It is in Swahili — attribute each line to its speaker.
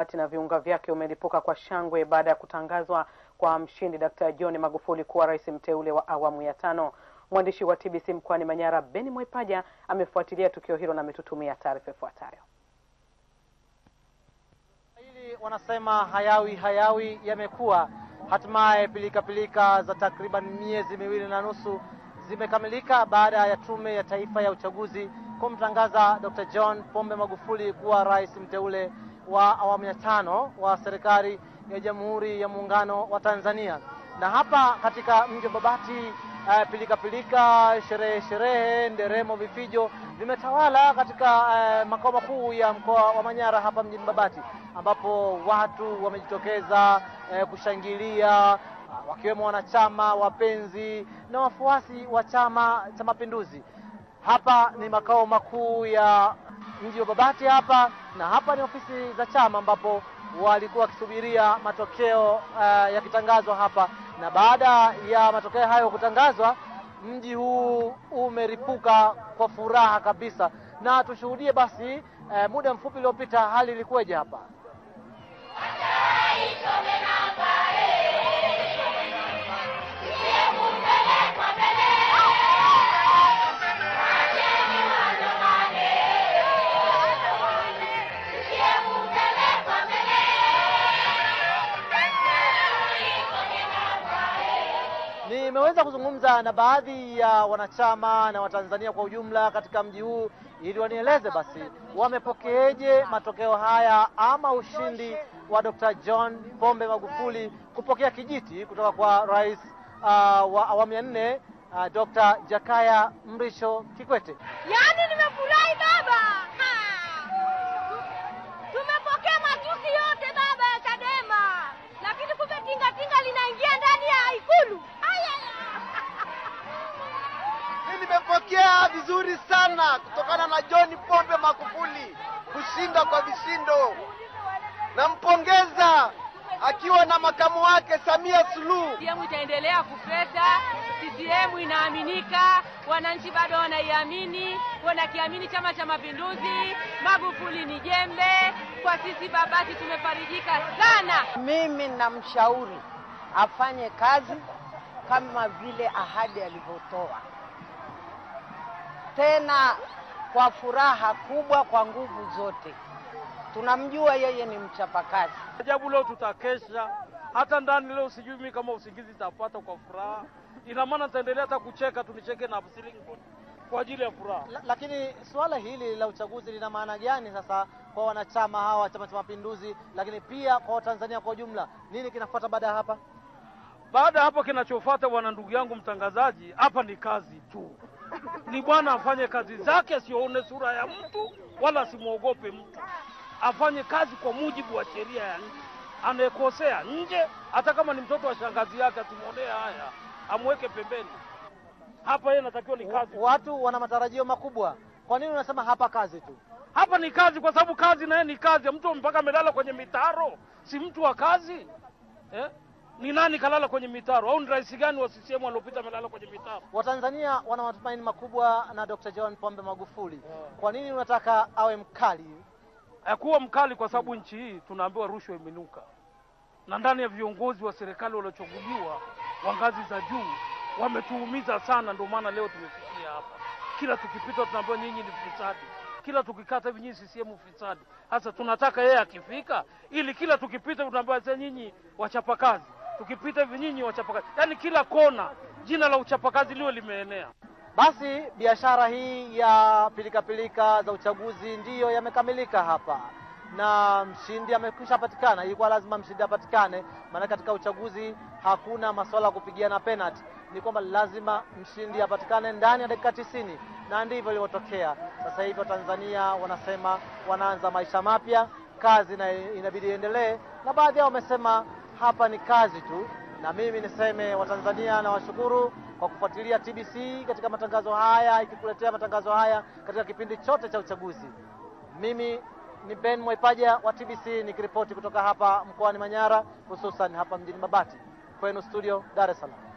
Speaker 1: ati na viunga vyake umelipuka kwa shangwe baada ya kutangazwa kwa mshindi Dkt. John Magufuli kuwa rais mteule wa awamu ya tano. Mwandishi wa TBC mkoani Manyara Ben Mwaipaja amefuatilia tukio hilo na ametutumia taarifa ifuatayo.
Speaker 2: Hili Wanasema hayawi hayawi yamekuwa. Hatimaye pilika pilika za takriban miezi miwili na nusu zimekamilika baada ya Tume ya Taifa ya Uchaguzi kumtangaza Dr. John Pombe Magufuli kuwa rais mteule wa awamu ya tano wa serikali ya Jamhuri ya Muungano wa Tanzania. Na hapa katika mji wa Babati Uh, pilika pilika, sherehe sherehe, nderemo, vifijo vimetawala katika uh, makao makuu ya mkoa wa Manyara hapa mjini Babati, ambapo watu wamejitokeza uh, kushangilia uh, wakiwemo wanachama, wapenzi na wafuasi wa Chama cha Mapinduzi. Hapa ni makao makuu ya mji wa Babati hapa, na hapa ni ofisi za chama ambapo walikuwa wakisubiria matokeo uh, yakitangazwa hapa, na baada ya matokeo hayo kutangazwa, mji huu umeripuka kwa furaha kabisa, na tushuhudie basi uh, muda mfupi uliopita hali ilikuwaje hapa. Nimeweza kuzungumza na baadhi ya wanachama na Watanzania kwa ujumla katika mji huu ili wanieleze basi wamepokeeje matokeo haya ama ushindi wa Dr. John Pombe Magufuli kupokea kijiti kutoka kwa rais uh, wa awamu ya nne uh, Dr. Jakaya Mrisho Kikwete.
Speaker 3: Yaani nimefurahi baba.
Speaker 4: Najisikia vizuri sana kutokana na John Pombe Magufuli kushinda kwa vishindo. Nampongeza akiwa na makamu wake Samia Suluhu.
Speaker 5: CCM itaendelea kupeta, CCM inaaminika, wananchi bado wanaiamini, wanakiamini Chama cha Mapinduzi. Magufuli ni jembe kwa sisi, Babati tumefarijika sana.
Speaker 6: Mimi namshauri afanye kazi kama vile ahadi alivyotoa tena kwa furaha kubwa, kwa nguvu zote. Tunamjua yeye ni mchapakazi.
Speaker 7: Ajabu, leo tutakesha hata ndani leo, sijui mimi kama usingizi tapata kwa furaha. Ina maana taendelea hata kucheka, tunicheke na kwa ajili ya furaha.
Speaker 2: lakini suala hili la uchaguzi lina maana gani sasa kwa wanachama hawa wa Chama cha Mapinduzi, lakini pia kwa Watanzania kwa ujumla? Nini kinafuata baada ya hapa?
Speaker 7: Baada ya hapa, kinachofuata bwana, ndugu yangu mtangazaji, hapa ni kazi tu ni Bwana afanye kazi zake, asione sura ya mtu wala asimwogope mtu, afanye kazi kwa mujibu wa sheria ya nchi. Anayekosea nje, hata kama ni mtoto wa shangazi yake, asimwonee haya, amweke pembeni. Hapa yeye anatakiwa ni kazi.
Speaker 2: Watu wana matarajio makubwa. Kwa nini unasema hapa kazi tu?
Speaker 7: Hapa ni kazi, kwa sababu kazi naye ni kazi. Mtu mpaka amelala kwenye mitaro, si mtu wa kazi eh? Ni nani kalala kwenye mitaro au ni rais gani wa CCM waliopita amelala kwenye mitaro?
Speaker 2: Watanzania wana matumaini makubwa na Dr. John Pombe Magufuli. Kwa nini unataka awe mkali?
Speaker 7: Hakuwa mkali kwa sababu nchi hii tunaambiwa rushwa imenuka, na ndani ya viongozi wa serikali waliochaguliwa wa ngazi za juu wametuumiza sana, ndio maana leo tumefikia hapa. Kila tukipita tunaambiwa nyinyi ni fisadi kila tukikata hivi nyinyi CCM fisadi. Sasa tunataka yeye akifika, ili kila tukipita tunaambiwa nyinyi wachapakazi tukipita hivi nyinyi wachapakazi, yaani kila kona jina la uchapakazi liwe limeenea.
Speaker 2: Basi biashara hii ya pilikapilika -pilika za uchaguzi ndiyo yamekamilika hapa na mshindi amekwisha patikana. Ilikuwa lazima mshindi apatikane, maana katika uchaguzi hakuna masuala ya kupigiana penalty, ni kwamba lazima mshindi apatikane ndani ya dakika tisini, na ndivyo ilivyotokea. Sasa hivi Watanzania wanasema wanaanza maisha mapya, kazi na inabidi iendelee, na baadhi yao wamesema hapa ni kazi tu, na mimi niseme Watanzania nawashukuru kwa kufuatilia TBC katika matangazo haya, ikikuletea matangazo haya katika kipindi chote cha uchaguzi. Mimi ni Ben Mwaipaja wa TBC nikiripoti kutoka hapa mkoani Manyara, hususan hapa mjini Babati, kwenu studio Dar es Salaam.